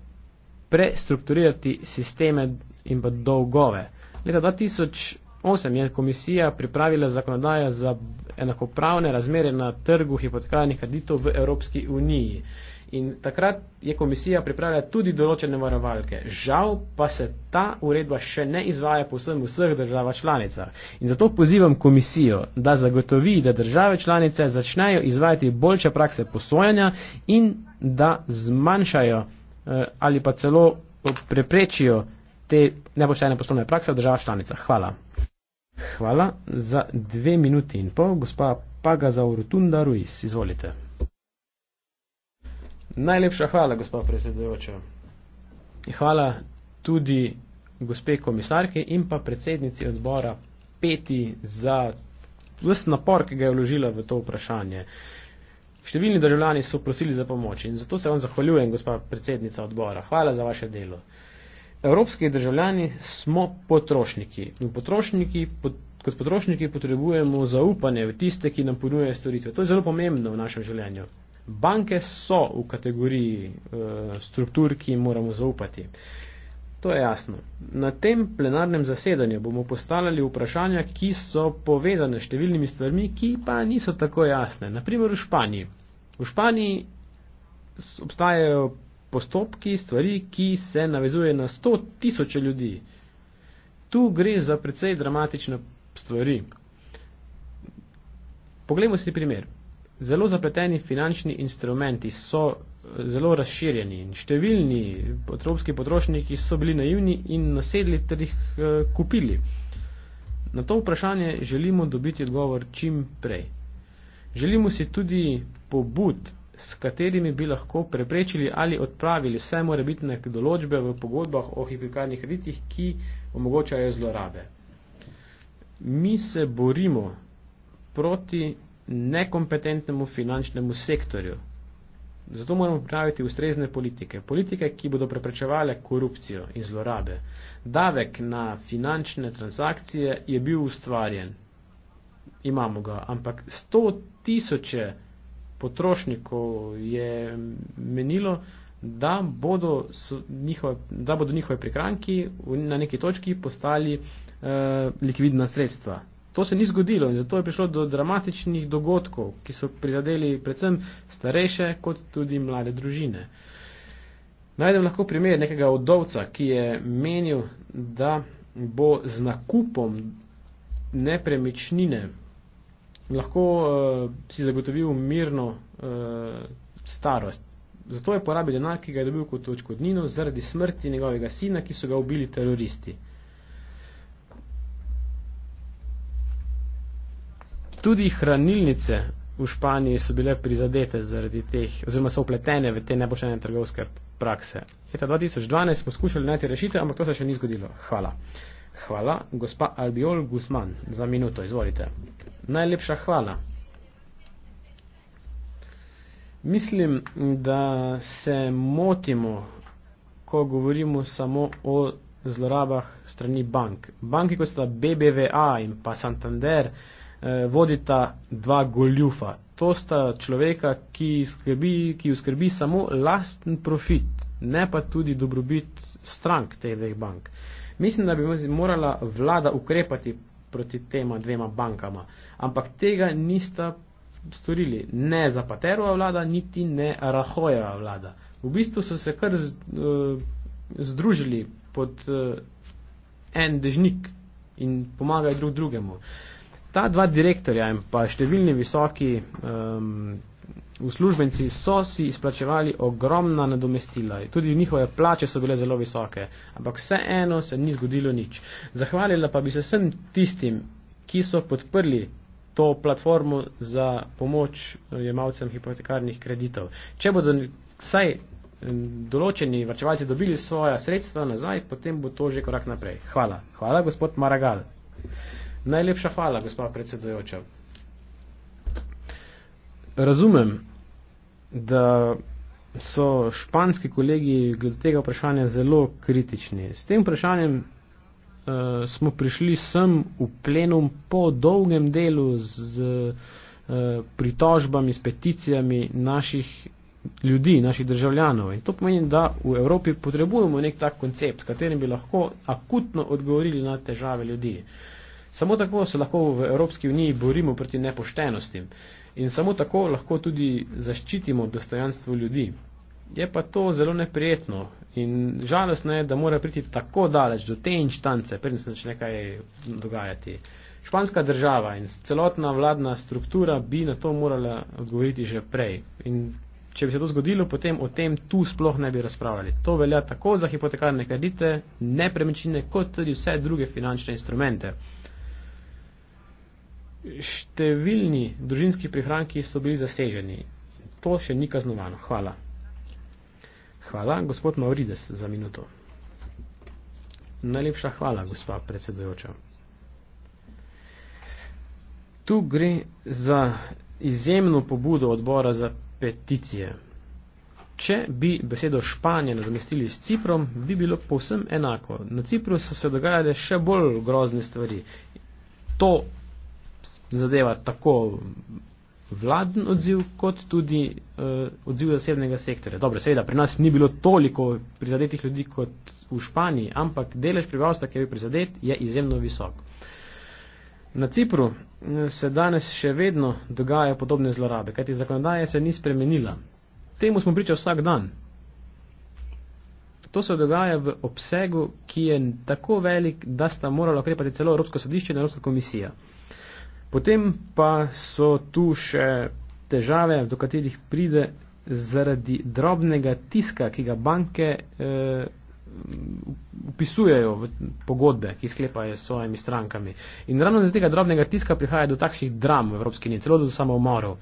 C: prestrukturirati sisteme in pa dolgove. Leta 2008 je komisija pripravila zakonodaja za enakopravne razmere na trgu hipotekarnih kreditov v Evropski uniji. In takrat je komisija pripravila tudi določene varovalke. Žal pa se ta uredba še ne izvaja povsem v vseh državah članicah. In zato pozivam komisijo, da zagotovi, da države članice začnejo izvajati boljše prakse posojanja in da zmanjšajo eh, ali pa celo preprečijo te nepoštene poslovne prakse v državah članicah. Hvala. Hvala za dve minuti in pol. Gospa Paga za Urutunda Ruiz, izvolite. Najlepša hvala, gospa predsedujoča. Hvala tudi gospe komisarke in pa predsednici odbora Peti za vse napor, ki ga je vložila v to vprašanje. Uh, Številni državljani so prosili za pomoč in zato se vam zahvaljujem, gospa predsednica odbora. Hvala za vaše delo. Evropski državljani smo potrošniki in potrošniki, kot potrošniki potrebujemo zaupanje v tiste, ki nam ponujejo storitve. To je zelo pomembno v našem življenju. Banke so v kategoriji e, struktur, ki jim moramo zaupati. To je jasno. Na tem plenarnem zasedanju bomo postavljali vprašanja, ki so povezane s številnimi stvarmi, ki pa niso tako jasne. Naprimer v Španiji. V Španiji obstajajo postopki, stvari, ki se navezuje na sto tisoče ljudi. Tu gre za precej dramatične stvari. Poglejmo si primer. Zelo zapleteni finančni instrumenti so zelo razširjeni in številni evropski potrošniki so bili naivni in nasedli ter jih eh, kupili. Na to vprašanje želimo dobiti odgovor čim prej. Želimo si tudi pobud, s katerimi bi lahko preprečili ali odpravili vse morebitne določbe v pogodbah o hipikarnih kreditih, ki omogočajo zlorabe. Mi se borimo proti nekompetentnemu finančnemu sektorju, Zato moramo pripraviti ustrezne politike. Politike, ki bodo preprečevale korupcijo in zlorabe. Davek na finančne transakcije je bil ustvarjen. Imamo ga. Ampak sto tisoče potrošnikov je menilo, da bodo, njihove, da bodo njihove prikranki na neki točki postali eh, likvidna sredstva. To se ni zgodilo in zato je prišlo do dramatičnih dogodkov, ki so prizadeli predvsem starejše kot tudi mlade družine. Najdem lahko primer nekega odovca, ki je menil, da bo z nakupom nepremičnine lahko uh, si zagotovil mirno uh, starost. Zato je porabil denar, ki ga je dobil kot očkodnino zaradi smrti njegovega sina, ki so ga ubili teroristi. Tudi hranilnice v Španiji so bile prizadete zaradi teh, oziroma so upletene v te nepoštene trgovske prakse. Leta 2012 smo skušali najti rešitev, ampak to se še ni zgodilo. Hvala. Hvala, gospa Albiol Guzman, za minuto, izvolite. Najlepša hvala. Mislim, da se motimo, ko govorimo samo o zlorabah strani bank. Banki, kot sta BBVA in pa Santander, eh, vodita dva goljufa. To sta človeka, ki skrbi, ki skrbi samo lasten profit, ne pa tudi dobrobit strank teh dveh bank. Mislim, da bi morala vlada ukrepati proti tema dvema bankama, ampak tega nista storili ne Zapaterova vlada, niti ne Rahojeva vlada. V bistvu so se kar eh, združili pod eh, en dežnik in pomagajo drug drugemu. Uh, Ta dva direktorja in pa številni visoki um, uslužbenci so si izplačevali ogromna nadomestila. Tudi njihove plače so bile zelo visoke, ampak vseeno se ni zgodilo nič. Zahvalila pa bi se vsem tistim, ki so podprli to platformo za pomoč jemalcem hipotekarnih kreditov. Če bodo vsaj določeni vrčevalci dobili svoja sredstva nazaj, potem bo to že korak naprej. Hvala. Hvala, gospod Maragal. Najlepša hvala, gospod predsedujoča. Razumem, da so španski kolegi glede tega vprašanja zelo kritični. S tem vprašanjem uh, smo prišli sem v plenum po dolgem delu z uh, pritožbami, s peticijami naših ljudi, naših državljanov. In to pomeni, da v Evropi potrebujemo nek tak koncept, s katerim bi lahko akutno odgovorili na težave ljudi. Uh, Samo tako se lahko v Evropski uniji borimo proti nepoštenosti in samo tako lahko tudi zaščitimo dostojanstvo ljudi. Je pa to zelo neprijetno in žalostno je, da mora priti tako daleč do te inštance, preden se začne kaj dogajati. Španska država in celotna vladna struktura bi na to morala odgovoriti že prej. In če bi se to zgodilo, potem o tem tu sploh ne bi razpravljali. To velja tako za hipotekarne kredite, nepremičnine, kot tudi vse druge finančne instrumente številni družinski prihranki so bili zaseženi. To še ni kaznovano. Hvala. Hvala, gospod Maurides, za minuto. Najlepša hvala, gospa predsedujoča. Tu gre za izjemno pobudo odbora za peticije. Če bi besedo Španje nadomestili s Ciprom, bi bilo povsem enako. Na Cipru so se dogajale še bolj grozne stvari. To zadeva tako vladen odziv, kot tudi uh, odziv zasebnega sektorja. Dobro, seveda, pri nas ni bilo toliko prizadetih ljudi kot v Španiji, ampak delež prebivalstva, ki je bil prizadet, je izjemno visok. Na Cipru eh, se danes še vedno dogajajo podobne zlorabe, kajti zakonodaja se ni spremenila. Temu smo pričali vsak dan. To se dogaja v obsegu, ki je tako velik, da sta morala okrepati celo Evropsko sodišče in Evropska komisija. Potem pa so tu še težave, do katerih pride zaradi drobnega tiska, ki ga banke eh, upisujejo v pogodbe, ki sklepajo s svojimi strankami. In ravno iz tega drobnega tiska prihaja do takšnih dram v Evropski uniji, celo do samomorov.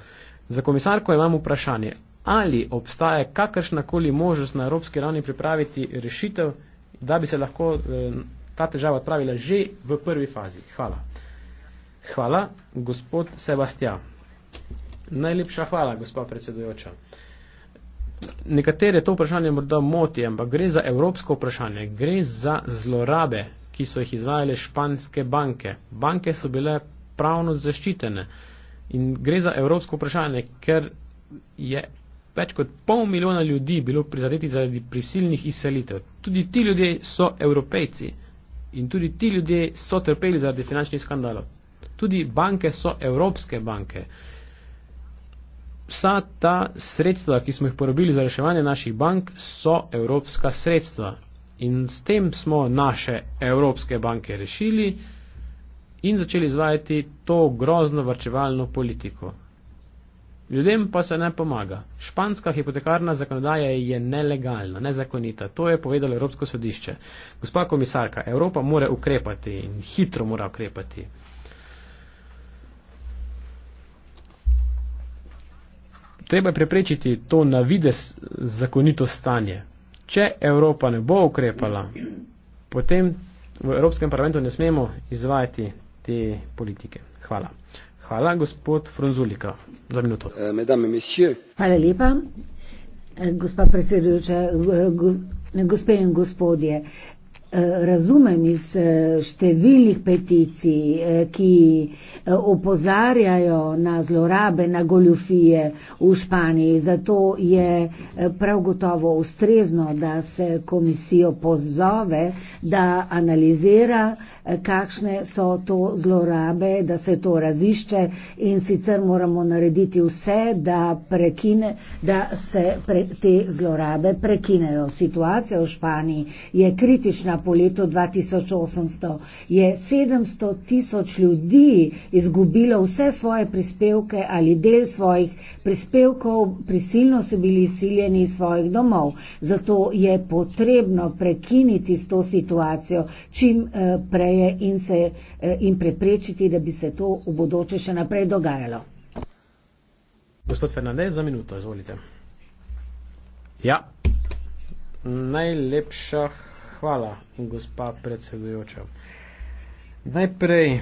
C: Za komisarko imam vprašanje, ali obstaja kakršnakoli možnost na Evropski ravni pripraviti rešitev, da bi se lahko eh, ta težava odpravila že v prvi fazi. Hvala. Hvala, gospod Sebastian. Najlepša hvala, gospod predsedujoča. Nekatere to vprašanje morda moti, ampak gre za evropsko vprašanje. Gre za zlorabe, ki so jih izvajale španske banke. Banke so bile pravno zaščitene. In gre za evropsko vprašanje, ker je več kot pol milijona ljudi bilo prizadeti zaradi prisilnih izselitev. Tudi ti ljudje so evropejci in tudi ti ljudje so trpeli zaradi finančnih skandalov. Tudi banke so evropske banke. Vsa ta sredstva, ki smo jih porobili za reševanje naših bank, so evropska sredstva. In s tem smo naše evropske banke rešili in začeli izvajati to grozno vrčevalno politiko. Ljudem pa se ne pomaga. Španska hipotekarna zakonodaja je nelegalna, nezakonita. To je povedalo Evropsko sodišče. Gospa komisarka, Evropa mora ukrepati in hitro mora ukrepati. treba je preprečiti to navidez zakonito stanje. Če Evropa ne bo ukrepala, potem v Evropskem parlamentu ne smemo izvajati te politike. Hvala. Hvala, gospod Frunzulika, za minuto. Eh,
B: Hvala lepa, eh, gospa predsedujoča, eh, gospe in gospodje. Eh, razumem iz eh, številnih peticij, eh, ki opozarjajo na zlorabe, na goljufije v Španiji. Zato je prav gotovo ustrezno, da se komisijo pozove, da analizira, kakšne so to zlorabe, da se to razišče in sicer moramo narediti vse, da, prekine, da se pre, te zlorabe prekinejo. Situacija v Španiji je kritična po letu 2800 je 700 tisoč ljudi izgubilo vse svoje prispevke ali del svojih prispevkov, prisilno so bili izsiljeni iz svojih domov. Zato je potrebno prekiniti s to situacijo čim eh, preje in, se, eh, in preprečiti, da bi se to v bodoče še naprej dogajalo.
C: Gospod Fernandez, za minuto, izvolite. Ja, najlepša Hvala, gospa predsedujoča. Najprej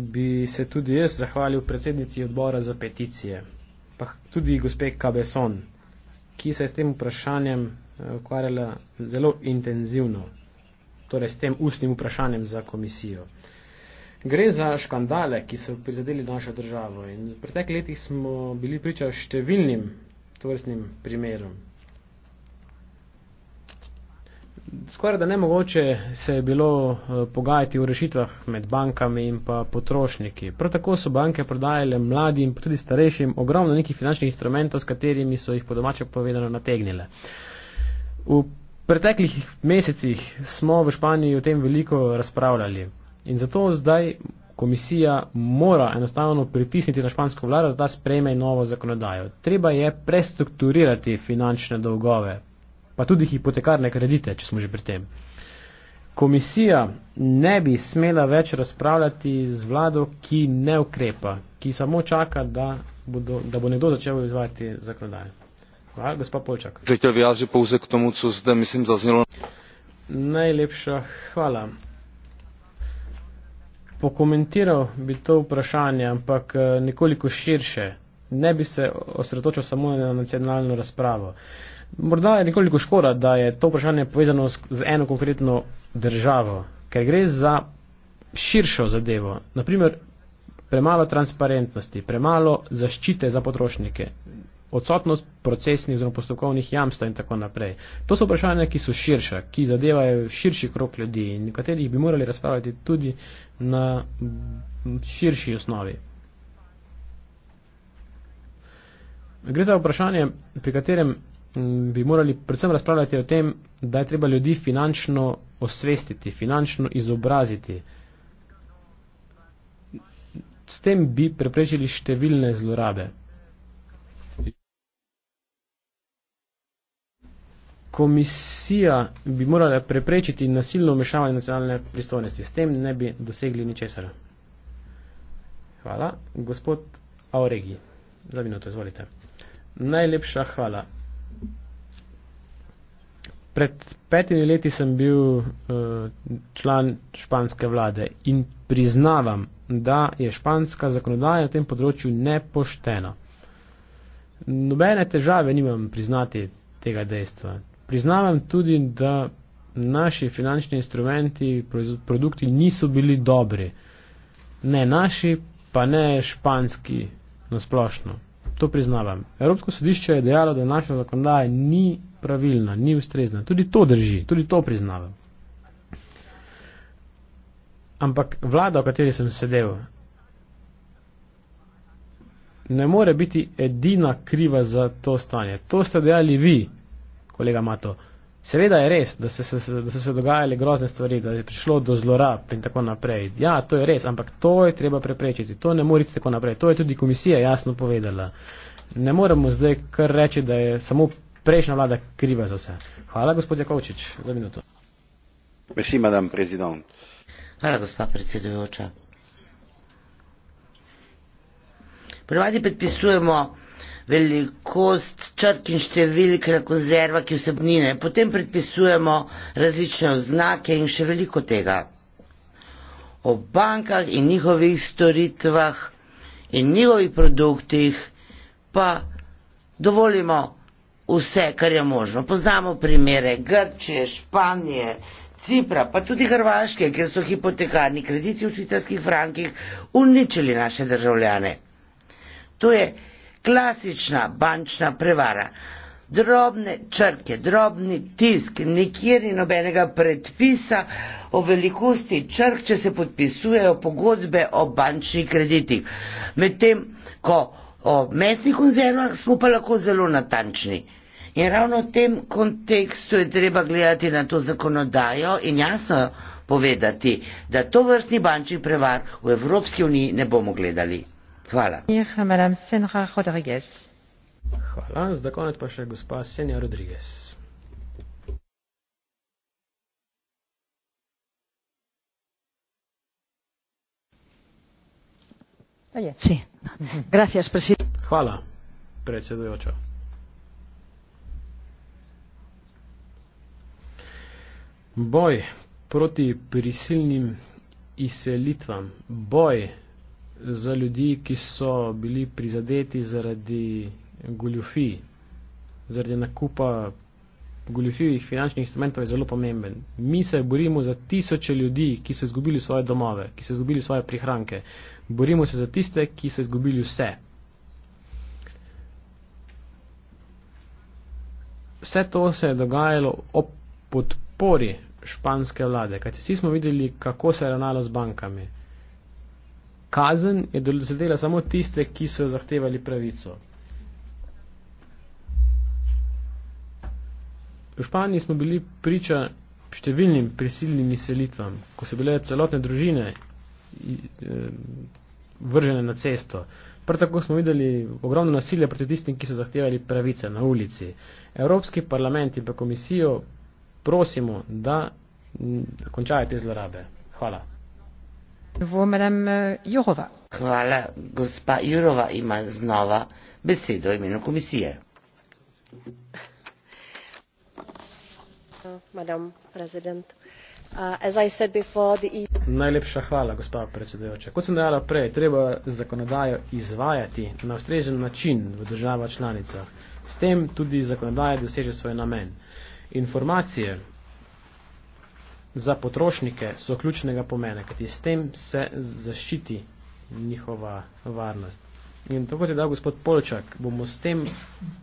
C: bi se tudi jaz zahvalil predsednici odbora za peticije, pa tudi gospe Cabeson, ki se je s tem vprašanjem eh, ukvarjala zelo intenzivno, torej s tem ustnim vprašanjem za komisijo. Gre za škandale, ki so prizadeli našo državo in v preteklih letih smo bili priča številnim tovrstnim primerom skoraj da nemogoče se je bilo eh, pogajati v rešitvah med bankami in pa potrošniki. Prav tako so banke prodajale mladim, pa tudi starejšim, ogromno nekih finančnih instrumentov, s katerimi so jih po domače povedano nategnile. V preteklih mesecih smo v Španiji o tem veliko razpravljali in zato zdaj komisija mora enostavno pritisniti na špansko vlado, da ta sprejme novo zakonodajo. Treba je prestrukturirati finančne dolgove, pa tudi hipotekarne kredite, če smo že pri tem. Komisija ne bi smela več razpravljati z vlado, ki ne ukrepa, ki samo čaka, da, bodo, da bo nekdo začel izvajati zakladaje. Hvala, gospod Polčak. Želite vjaži pouze k tomu, co zdaj mislim zaznelo? Najlepša hvala. Pokomentiral bi to vprašanje, ampak eh, nekoliko širše. Ne bi se osredotočil samo na nacionalno razpravo. Uh, Morda je nekoliko škoda, da je to vprašanje povezano z eno konkretno državo, ker gre za širšo zadevo. Naprimer, premalo transparentnosti, premalo zaščite za potrošnike, odsotnost procesnih oziroma postopkovnih jamstva in tako naprej. To so vprašanja, ki so širša, ki zadevajo širši krok ljudi in katerih bi morali razpravljati tudi na širši osnovi. Gre za vprašanje, pri katerem Mm, bi morali predvsem razpravljati o tem, da je treba ljudi finančno osvestiti, finančno izobraziti. S tem bi preprečili številne zlorabe. Komisija bi morala preprečiti nasilno vmešavanje nacionalne pristojnosti. S tem ne bi dosegli ničesar. Hvala. Gospod Auregi, za minuto, izvolite. Najlepša hvala pred petimi leti sem bil uh, član španske vlade in priznavam, da je španska zakonodaja na tem področju nepoštena. Nobene težave nimam priznati tega dejstva. Priznavam tudi, da naši finančni instrumenti, produkti niso bili dobri. Ne naši, pa ne španski na splošno. To priznavam. Evropsko sodišče je dejalo, da naša zakonodaja ni pravilna, ni ustrezna. Tudi to drži, tudi to priznavam. Ampak vlada, v kateri sem sedel, ne more biti edina kriva za to stanje. To ste dejali vi, kolega Mato. Seveda je res, da so se, da so se dogajale grozne stvari, da je prišlo do zlorab in tako naprej. Ja, to je res, ampak to je treba preprečiti. To ne morete tako naprej. To je tudi komisija jasno povedala. Ne moremo zdaj kar reči, da je samo prejšnja vlada kriva za vse. Hvala, gospod Jakovčič, za minuto.
A: Merci, madame president.
C: Hvala, gospod predsedujoča.
A: Prevadi predpisujemo velikost črk in številke na konzerva, ki vsebnine. Potem predpisujemo različne oznake in še veliko tega. O bankah in njihovih storitvah in njihovih produktih pa dovolimo vse, kar je možno. Poznamo primere Grčije, Španije, Cipra, pa tudi Hrvaške, kjer so hipotekarni krediti v švicarskih frankih uničili naše državljane. To je klasična bančna prevara. Drobne črke, drobni tisk, nikjer ni nobenega predpisa o velikosti črk, če se podpisujejo pogodbe o bančnih kreditih. Medtem, ko o mesnih konzervah smo pa lahko zelo natančni. In ravno v tem kontekstu je treba gledati na to zakonodajo in jasno povedati, da to vrstni bančnih prevar v Evropski uniji ne bomo gledali. Hvala.
C: Hvala, zdaj konec pa še gospa Senja Rodriguez. Sí. Gracias, presidente. Hvala, predsedujoča. Boj proti prisilnim izselitvam, boj za ljudi, ki so bili prizadeti zaradi goljufij, zaradi nakupa goljufivih finančnih instrumentov je zelo pomemben. Mi se borimo za tisoče ljudi, ki so izgubili svoje domove, ki so izgubili svoje prihranke. Borimo se za tiste, ki so izgubili vse. Vse to se je dogajalo ob podpori španske vlade, kajti vsi smo videli, kako se je ravnalo z bankami. Kazen je dosedela samo tiste, ki so zahtevali pravico. V Španiji smo bili priča številnim prisilnim selitvam, ko so bile celotne družine eh, vržene na cesto. Prav tako smo videli ogromno nasilje proti tistim, ki so zahtevali pravice na ulici. Evropski parlament in pa komisijo prosimo, da mm, končajo te zlorabe. Hvala.
A: Eh,
C: Hvala, gospa Jurova
A: ima znova besedo imenu komisije.
B: Uh, uh, e
C: Najlepša hvala, gospa predsedujoča. Kot sem dejala prej, treba zakonodajo izvajati na ustrežen način v država članica. S tem tudi zakonodaja doseže svoj namen. Informacije za potrošnike so ključnega pomena, kajti s tem se zaščiti njihova varnost. In tako kot je dal gospod Polčak, bomo s tem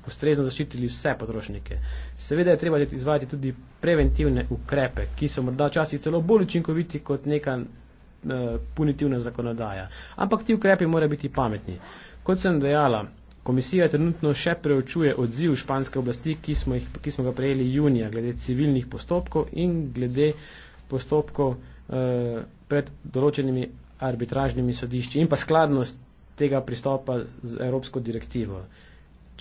C: ustrezno zaščitili vse potrošnike. Seveda je treba izvajati tudi preventivne ukrepe, ki so morda včasih celo bolj učinkoviti kot neka eh, punitivna zakonodaja. Ampak ti ukrepi morajo biti pametni. Kot sem dejala, komisija trenutno še preučuje odziv španske oblasti, ki smo, jih, ki smo ga prejeli junija, glede civilnih postopkov in glede postopkov eh, pred določenimi arbitražnimi sodišči in pa skladnost tega pristopa z evropsko direktivo.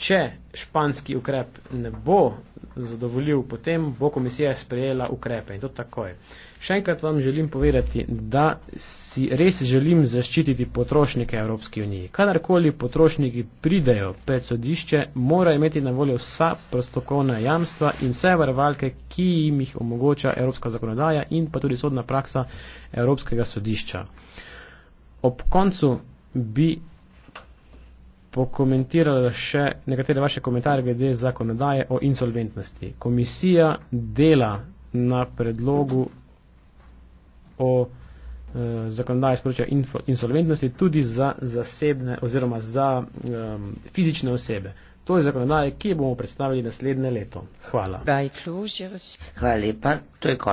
C: Če španski ukrep ne bo zadovoljil, potem bo komisija sprejela ukrepe in to takoj. Še enkrat vam želim povedati, da si res želim zaščititi potrošnike Evropske unije. Kadarkoli potrošniki pridejo pred sodišče, mora imeti na voljo vsa prostokovna jamstva in vse varvalke, ki jim jih omogoča Evropska zakonodaja in pa tudi sodna praksa Evropskega sodišča. Ob koncu bi pokomentirala še nekatere vaše komentarje glede zakonodaje o insolventnosti. Komisija dela na predlogu o eh, zakonodaji sporočja insolventnosti tudi za zasebne oziroma za um, fizične osebe. To je zakonodaje, ki bomo predstavili naslednje leto. Hvala. Hvala lepa. To je